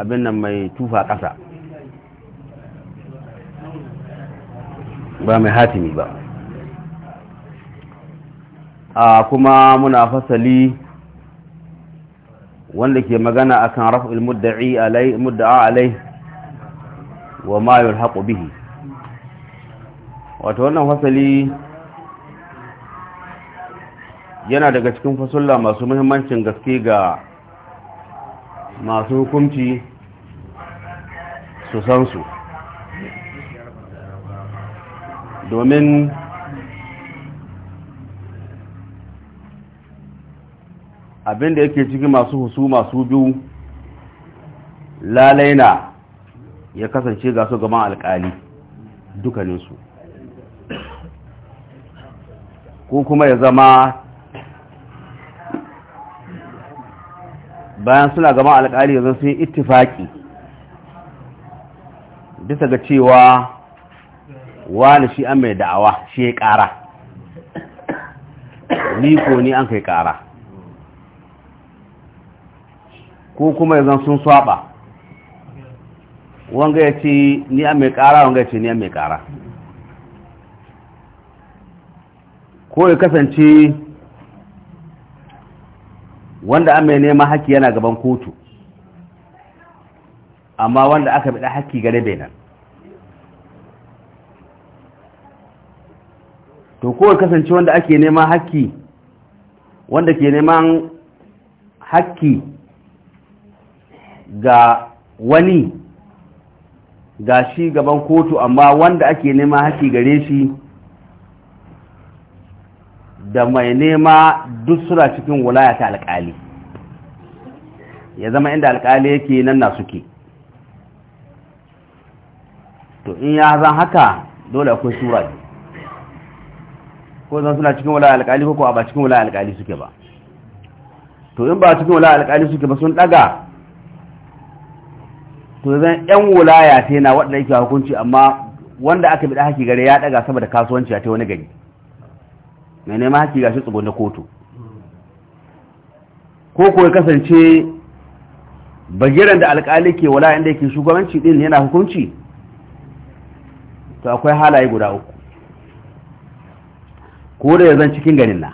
abin nan mai tufa ƙasa ba mai hatimi ba a kuma muna fasali wanda ke magana akan raf'ul mudda'i alai mudda'a alai wa ma yulhaqu bihi wato wannan fasali yana daga cikin fasulla masu muhimmancin gaske ga masu hukunci su san su domin abinda yake ciki masu husu masu biyu lalaina ya kasance ga su gaban alkali dukkaninsu ko kuma ya zama bayan suna gama alƙali yanzu sun yi ittifaki bisa ga cewa wani shi an mai da'awa shi ya ƙara ni ko ni an kai ƙara ko kuma yanzu sun swaba wanga ya ce ni an mai ƙara wanga ya ce ni an mai ƙara ko ya kasance wanda an mai neman haki yana gaban kotu amma wanda aka bida haki gare bai nan to kowai kasance wanda ake neman haki wanda ke neman haki ga wani ga shi gaban kotu amma wanda ake neman haki gare shi da mai nema duk suna cikin wulaya ta alƙali ya zama inda alƙali yake nan na suke to in ya zan haka dole akwai sura ko zan suna cikin wulaya alƙali ko ba cikin wulaya alƙali suke ba to in ba cikin wulaya alƙali suke ba sun ɗaga to zan yan wulaya ta yana waɗanda yake hukunci amma wanda aka bi da haki gare ya ɗaga saboda kasuwanci a ta wani gari mai nema haki gashi tsugun na kotu ko kuwa kasance bagiran da alkali ke wala inda yake shugabanci din yana hukunci to akwai halaye guda uku ko da yanzu cikin ganin na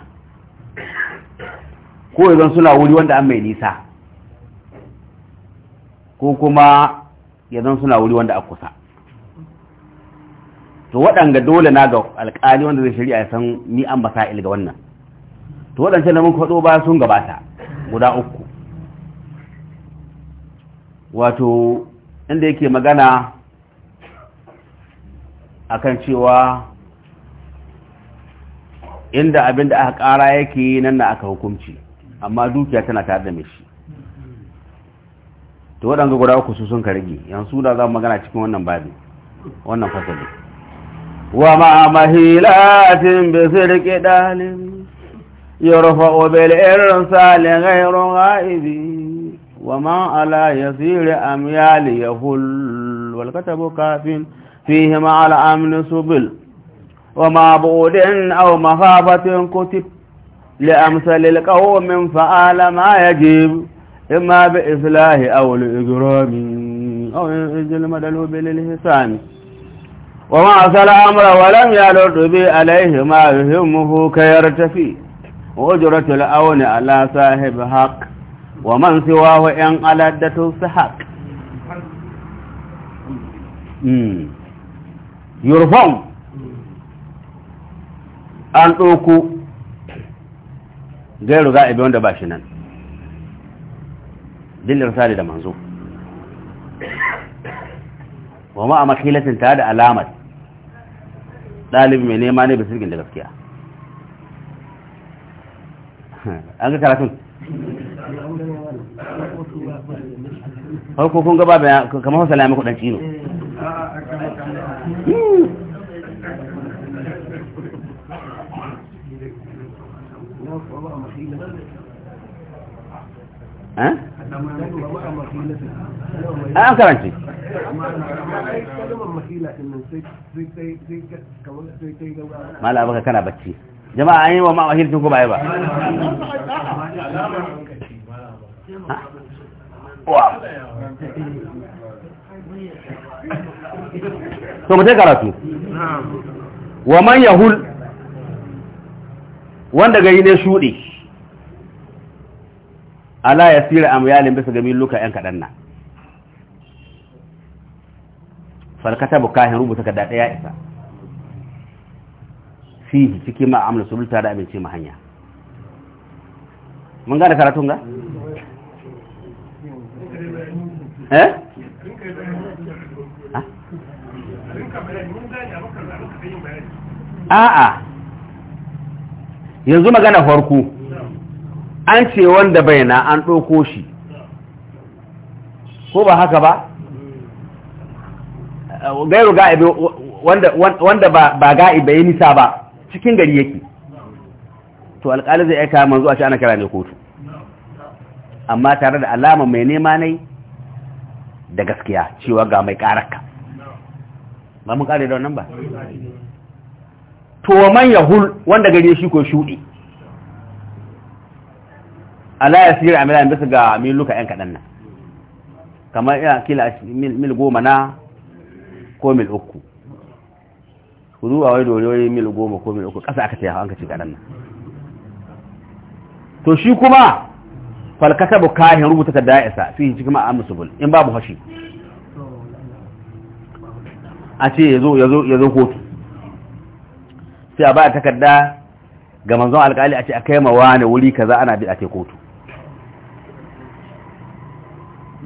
ko yanzu suna wuri wanda an mai nisa ko kuma yanzu suna wuri wanda a kusa to waɗanga dole na ga alƙali wanda zai shari'a ya san ni an sa'il ga wannan to waɗancan da mun faɗo ba sun gabata guda uku wato inda yake magana akan cewa inda abin da aka ƙara yake nan na aka hukumci amma dukiya tana tare da mishi to waɗanga guda uku su sun ka rage yanzu da za mu magana cikin wannan babi wannan fasali وما مهيلات بسرك دال يرفع بالإرسال غير غائب وما على يسير أميال يفل والكتب كاف فيهما على أمن سبل وما بعد أو مخافة كتب لأمثل القوم فعال ما يجيب إما بإصلاح أو لإجرام أو إجل مدلو بالإلهسان wama asala amra walam yalo dubi alaihi ma yuhimmuhu kayar tafi ujura tula auni ala sahib haq wa man siwa wa yan aladdatu su haq yurfon an ɗoku zai ruga ibi wanda ba shi nan dillar sali da manzo wa ma'a makilatin ta da alamar ɗalibi mai nema ne basirgin da gaskiya an ga karatun farko kun gaba kamar hausa lami kudin cino hmm. Eh? Ah, an karanci mala baka kana bacci jama'a an yi wa ma'awahir tun ko ba ba so ah. mutai karatu wa man yahul wanda gari ne shuɗi ala ya sira amyalin bisa gamin luka yan kaɗan na farkata bukahin rubuta daɗe ya isa fi cikin ma'amala sulta da abinci ma hanya mun gane karatun ga? eh? Ah? a yanzu magana farko an ce wanda bai na an ɗauko shi ko ba haka ba gairu ga'ibi wanda ba ga'ibe ya nisa ba cikin gari yake to alƙali zai aika manzu a ana kira ne kotu amma tare da alama mai nema ne da gaskiya cewa ga mai ƙararka ba mun ƙare da wannan ba to man yahul wanda gari shi ko shuɗi ala ya sira amila bisa ga miluka yan kaɗan nan kamar ina kila mil goma na ko mil uku kudu a wai doriyoyi mil goma ko mil uku ƙasa aka tsaye an ka kaɗan nan to shi kuma falkata bukahin rubuta ta da'isa fi cikin ma'an musubul in babu hashi a ce ya zo kotu sai a ba takarda ga manzon alkali a ce a kai ma ne wuri kaza ana bi a ce kotu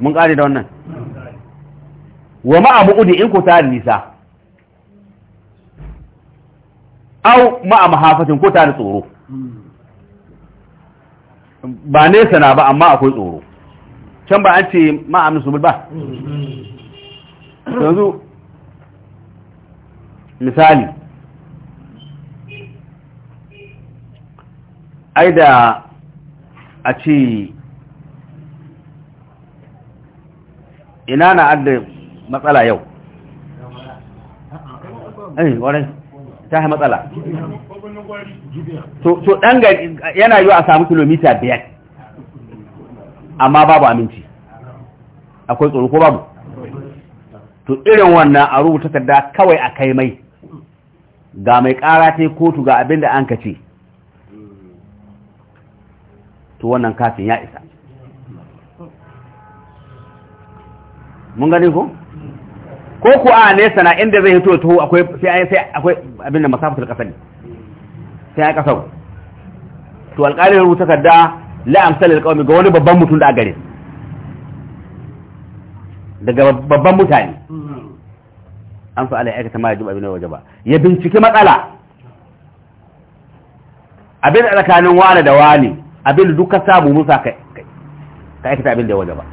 mun kare da wannan wa ma'a in ku ta nisa au ma'a mahafatin ko ta da tsoro ba nesa na ba amma akwai tsoro can ba an ce ma'a musulmi ba yanzu misali ai da a ce ina na adda matsala yau eh wani ta ha matsala to to dan yana yiwa a samu kilomita biyar amma babu aminci akwai tsoro ko babu to irin wannan a rubuta takarda kawai a kai mai ga mai kara ta kotu ga abinda an ka ce to wannan kafin ya isa mun gani ko ko ku a nesa na inda zai hito to akwai sai sai akwai abin da masafatul kasani sai ya kasau to alƙalin rubuta kadda la amsal alqawmi ga wani babban mutum da gare daga babban mutane an fa alai aikata ma yajibu abin waje ba ya binciki matsala abin tsakanin wani da wani abin da duka samu musa ka aikata abin da waje ba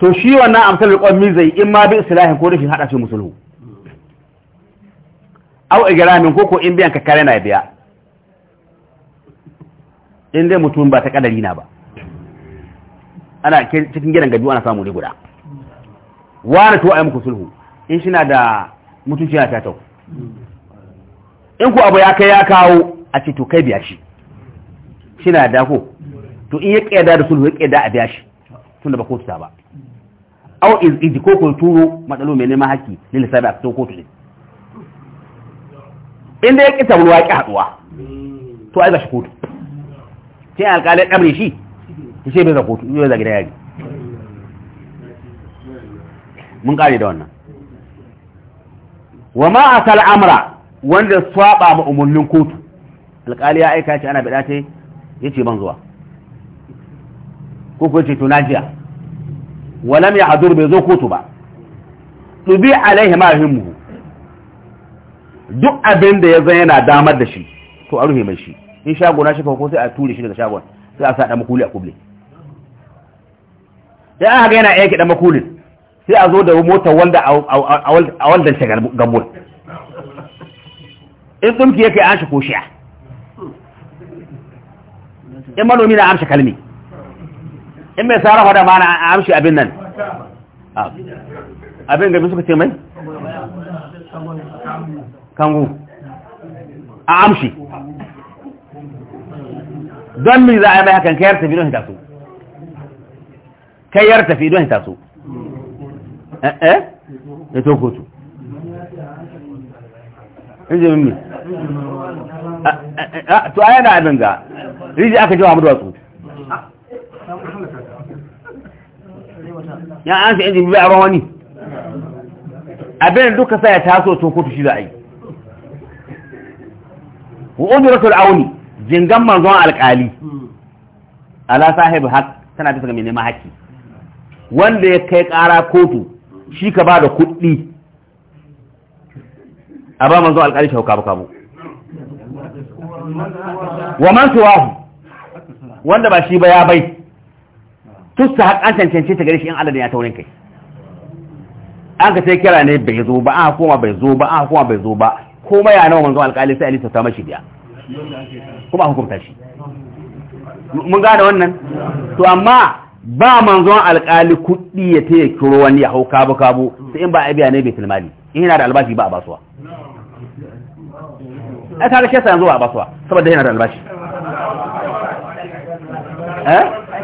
to shi wannan da alqawmi zai in ma bi islahin ko rufin hada shi musulhu Au igramin ko ko in biyan ka kare na biya in dai mutum ba ta kadari na ba ana cikin gidan gabi ana samu ne guda wani to ai muku sulhu in shi na da mutunci na tatau in ku abu ya kai ya kawo a ce to kai biya shi shi na da ko to in ya kaida da sulhu ya kaida a biya shi tun da ba kotu ta ba aw izidi ko ko turo matsalo mai neman haki ne lissafi a fito kotu ne inda ya kita ruwa ki haduwa to ai ba shi kotu sai alƙali ya kamre shi ta ce bai za kotu yau za gida yari mun kare da wannan wa ma asal amra wanda swaba ma umarnin kotu alƙali ya aika ce ana bada ta yace ban zuwa ko ko ce to najiya walam ya hadur bai zo kotu ba tubi alaihi ma himmu duk abin da ya zan yana damar da shi to a rufe mai shi in shago na shafa ko sai a ture shi daga shagon sai a sa dan makuli a kuble sai an haka yana aiki dan makulin sai a zo da mota wanda a waldan shagar gambon in tsumki yake an shi koshiya in manomi na amsa kalmi in mai sarrafa da mana na amshi abin nan ah. abin gabi suka ce mai kangu a amshi don mi za a yi mai hakan kayar tafi don hita su kayar tafi don hita su eh eh ya to kotu in ji mimmi ah, eh, eh, ah, to a yana abin ga riji aka ji wa mu duwatsu ya an sai injin bai a wani abin duka sai ya taso to kotu shi za a yi wa ta auni jingan manzon alkali ala sahib hak tana bisa ga mai neman haki wanda ya kai ƙara kotu shi ka ba da kuɗi a ba manzon alkali shi kamu kamu wa man suwahu wanda ba shi ba ya bai tusa har an cancance ta gare shi in Allah ya taurin kai an ka sai kira ne bai zo ba aka koma bai zo ba aka koma bai zo ba kuma ya nawa manzon alƙali sai alisa ta mashi biya kuma a hukunta shi mun gane wannan to amma ba manzo alƙali kuɗi ya ta ya kiro wani ya hau kabu kabu sai in ba a biya ne bai tilmali in yana da albashi ba a basuwa ai kaga shi yasa yanzu ba a basuwa saboda yana da albashi eh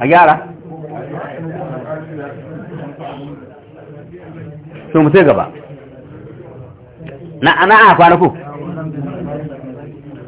a gyara sun mutu gaba na ana a kwanaku